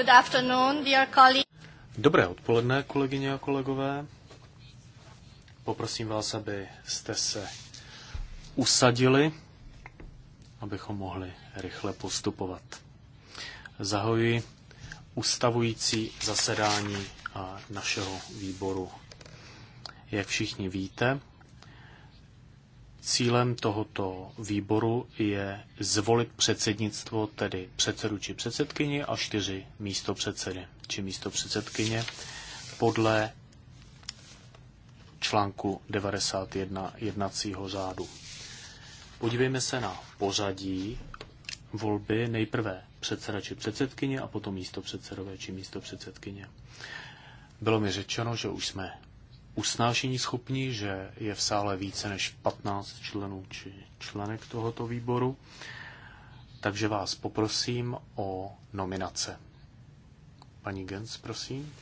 Good afternoon, dear colleagues. Dobré odpoledne, kolegyně a kolegové. Poprosím vás, abyste se usadili, abychom mohli rychle postupovat. Zahoji ustavující zasedání našeho výboru. Jak všichni víte, Cílem tohoto výboru je zvolit předsednictvo, tedy předsedu či předsedkyni a čtyři místo předsedy či místo předsedkyně podle článku 91 jednacího řádu. Podívejme se na pořadí volby nejprve předseda či předsedkyně a potom místo předsedové či místo předsedkyně. Bylo mi řečeno, že už jsme usnášení schopní, že je v sále více než 15 členů či členek tohoto výboru, takže vás poprosím o nominace. Paní Gens, prosím.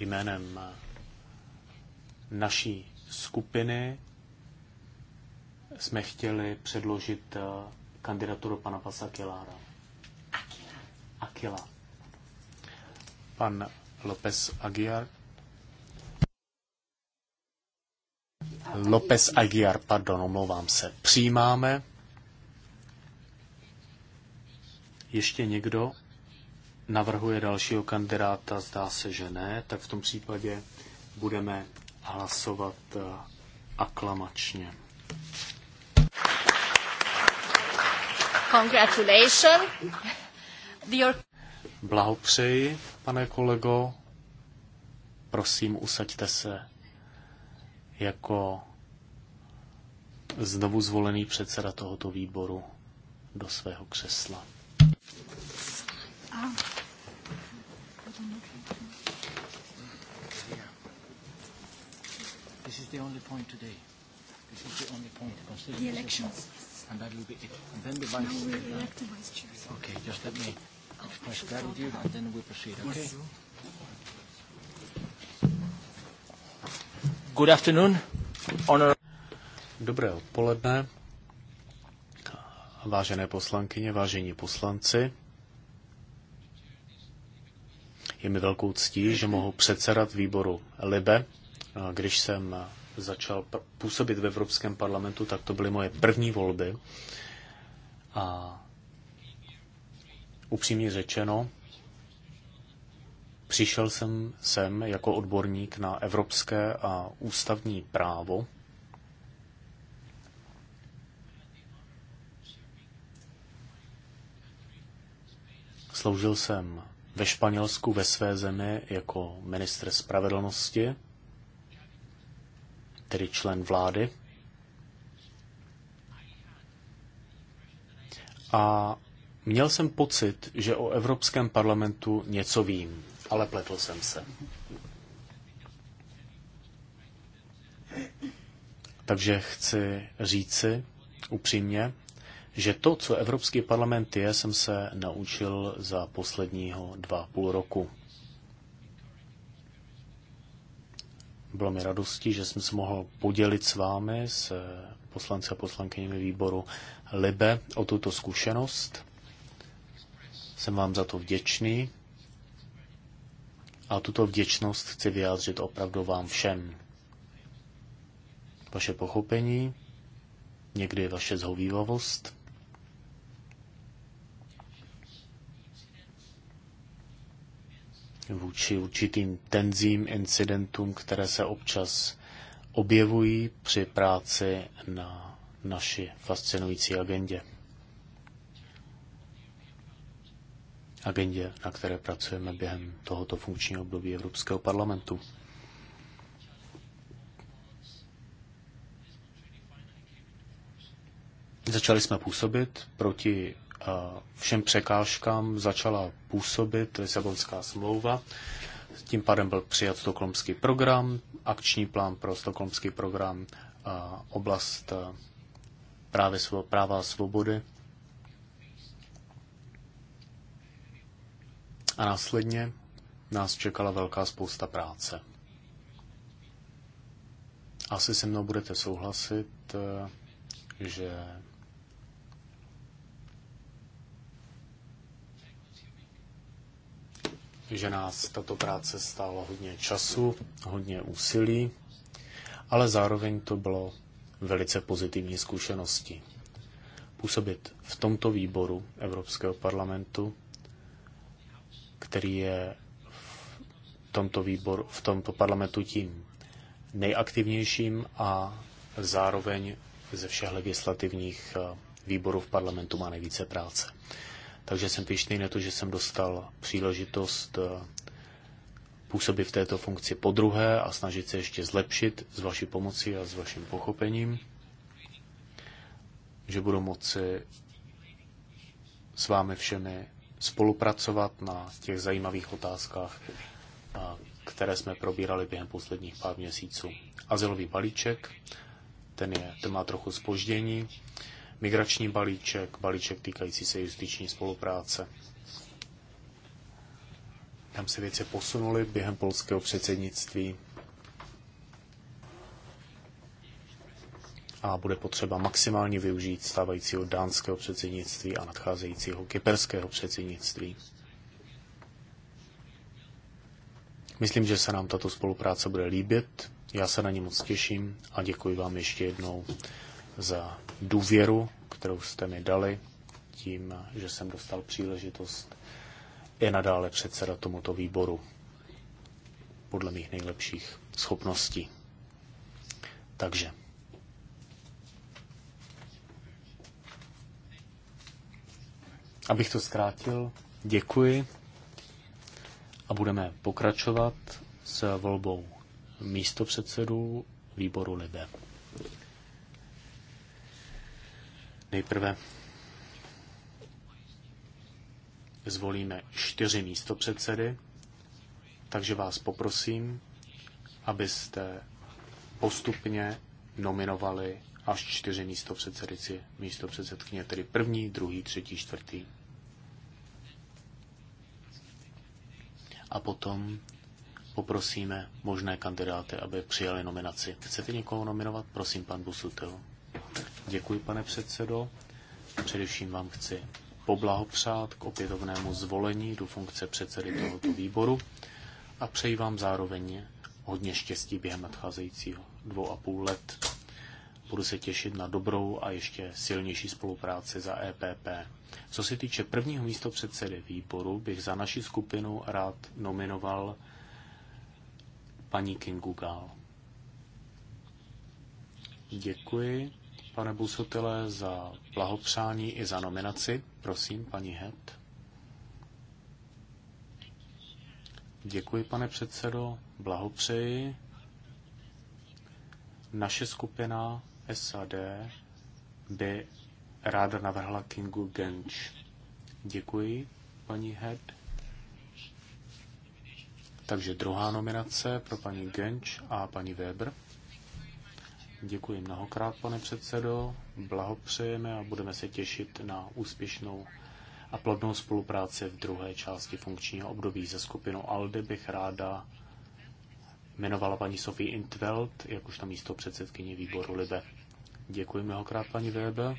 Jménem naší skupiny jsme chtěli předložit eh, kandidaturu pana Pasakilára. Akila. Pan López Aguiar López Aguiar, pardon, omlouvám se. Přijímáme. Ještě někdo navrhuje dalšího kandidáta? Zdá se, že ne. Tak v tom případě budeme hlasovat eh, aklamačně. Congratulations. Blahopřeji, pane kolego. Prosím, usaďte se jako znovu zvolený předseda tohoto výboru do svého křesla. This is the only point today. This is the only point. the elections. And that will be it. And then the vice chair. No, we elect the vice chair. Okay, just let me express gratitude and then we proceed, okay? Yes. Good afternoon. Honor... Dobré odpoledne, vážené poslankyně, vážení poslanci. Je mi velkou ctí, že mohu předsedat výboru LIBE. Když jsem začal působit v Evropském parlamentu, tak to byly moje první volby. A upřímně řečeno, Přišel jsem sem jako odborník na evropské a ústavní právo. Sloužil jsem ve Španělsku ve své zemi jako ministr spravedlnosti, tedy člen vlády. A měl jsem pocit, že o Evropském parlamentu něco vím, ale pletl jsem se. Takže chci říci upřímně, že to, co Evropský parlament je, jsem se naučil za posledního dva půl roku. Bylo mi radostí, že jsem se mohl podělit s vámi, s poslanci a poslankyněmi výboru Libe o tuto zkušenost. Jsem vám za to vděčný a tuto vděčnost chci vyjádřit opravdu vám všem. Vaše pochopení, někdy vaše zhovývavost, vůči určitým tenzím, incidentům, které se občas objevují při práci na naší fascinující agendě. agendě, na které pracujeme během tohoto funkčního období Evropského parlamentu. Začali jsme působit proti všem překážkám, začala působit Lisabonská smlouva. Tím pádem byl přijat stokholmský program, akční plán pro stokholmský program, oblast právě práva a svobody A následně nás čekala velká spousta práce. Asi se mnou budete souhlasit, eh, že že nás tato práce stála hodně času, hodně úsilí, ale zároveň to bylo velice pozitivní zkušenosti. Působit v tomto výboru Evropského parlamentu který je v tomto výboru, v tomto parlamentu tím nejaktivnějším a zároveň ze všech legislativních eh, výborů v parlamentu má nejvíce práce. Takže jsem pišný na to, že jsem dostal příležitost eh, působit v této funkci po druhé a snažit se ještě zlepšit s vaší pomocí a s vaším pochopením, že budu moci s vámi všemi spolupracovat na těch zajímavých otázkách, které jsme probírali během posledních pár měsíců. Azylový balíček, ten, je, ten má trochu spoždění, migrační balíček, balíček týkající se justiční spolupráce. Tam se věci posunuly během polského předsednictví. a bude potřeba maximálně využít stávajícího dánského předsednictví a nadcházejícího kyperského předsednictví. Myslím, že se nám tato spolupráce bude líbit. Já se na ně moc těším a děkuji vám ještě jednou za důvěru, kterou jste mi dali tím, že jsem dostal příležitost i nadále předseda tomuto výboru podle mých nejlepších schopností. Takže Abych to zkrátil, děkuji a budeme pokračovat s volbou místopředsedů výboru LIBE. Nejprve zvolíme čtyři místopředsedy, takže vás poprosím, abyste postupně nominovali až čtyři místopředsedici, místopředsedkyně, tedy první, druhý, třetí, čtvrtý a potom poprosíme možné kandidáty, aby přijali nominaci. Chcete někoho nominovat? Prosím, pan Busutil. Děkuji, pane předsedo. Především vám chci poblahopřát k opětovnému zvolení do funkce předsedy tohoto výboru a přeji vám zároveň hodně štěstí během nadcházejícího dvou a půl let Budu se těšit na dobrou a ještě silnější spolupráci za EPP. Co se týče prvního místo předsedy výboru, bych za naši skupinu rád nominoval paní Kingu Gal. Děkuji, pane Busotele, za blahopřání i za nominaci. Prosím, paní Het. Děkuji, pane předsedo, blahopřeji. Naše skupina SAD by ráda navrhla Kingu Genč. Děkuji, paní Head. Takže druhá nominace pro paní Genč a paní Weber. Děkuji mnohokrát, pane předsedo. Blahopřejeme a budeme se těšit na úspěšnou a plodnou spolupráci v druhé části funkčního období. Ze skupinu ALDE bych ráda jmenovala paní Sophie Intveld, tam místo předsedkyně výboru Libe. Děkuji mnohokrát, paní Weber.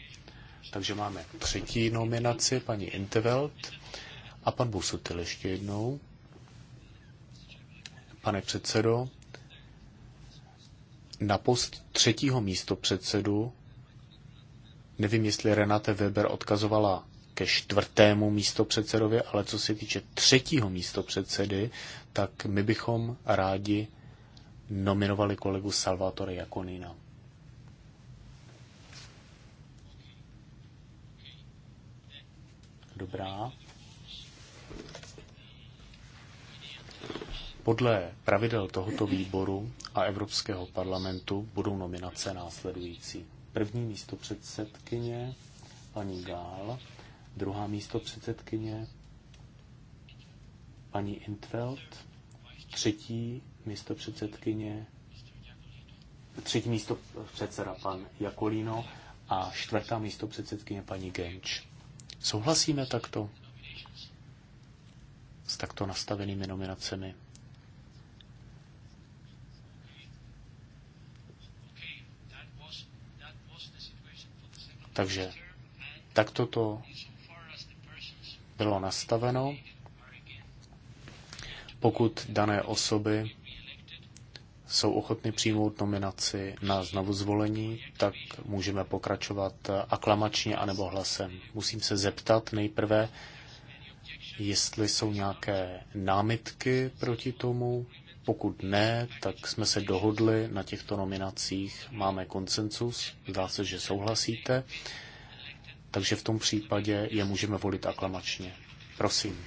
Takže máme třetí nominaci, paní Intveld a pan Busutil ještě jednou. Pane předsedo, na post třetího místo předsedu, nevím, jestli Renate Weber odkazovala ke čtvrtému místo předsedovi, ale co se týče třetího místo předsedy, tak my bychom rádi nominovali kolegu Salvatore Jakonina. Dobrá. Podle pravidel tohoto výboru a Evropského parlamentu budou nominace následující. První místo předsedkyně paní Gál, druhá místo předsedkyně paní Intveld, třetí místo předsedkyně, třetí místo předseda pan Jakolino a čtvrtá místo předsedkyně paní Genč. Souhlasíme takto s takto nastavenými nominacemi? Takže takto to bylo nastaveno pokud dané osoby jsou ochotny přijmout nominaci na znovuzvolení, tak můžeme pokračovat aklamačně anebo hlasem. Musím se zeptat nejprve, jestli jsou nějaké námitky proti tomu. Pokud ne, tak jsme se dohodli na těchto nominacích. Máme konsensus, zdá se, že souhlasíte, takže v tom případě je můžeme volit aklamačně. Prosím.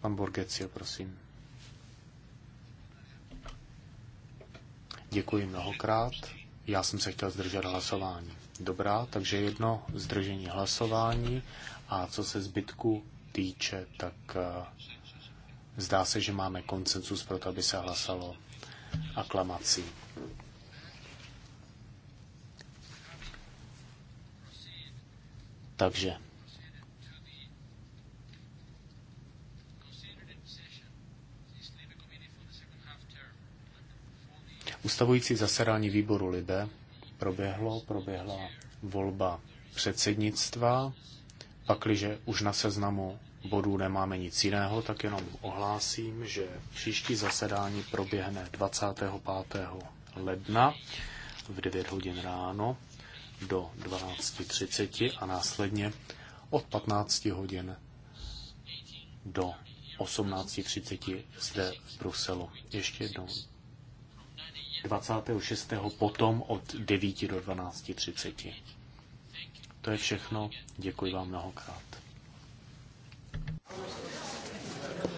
Pan Borgecio, prosím. Děkuji mnohokrát. Já jsem se chtěl zdržet hlasování. Dobrá, takže jedno zdržení hlasování a co se zbytku týče, tak eh, zdá se, že máme koncensus pro to, aby se hlasalo aklamací. Takže Ustavující zasedání výboru Libe proběhlo, proběhla volba předsednictva, pakliže už na seznamu bodů nemáme nic jiného, tak jenom ohlásím, že příští zasedání proběhne 25. ledna v 9 hodin ráno do 12.30 a následně od 15 hodin do 18.30 zde v Bruselu. Ještě jednou 26. potom od 9 do 12.30. To je všechno. Děkuji vám mnohokrát.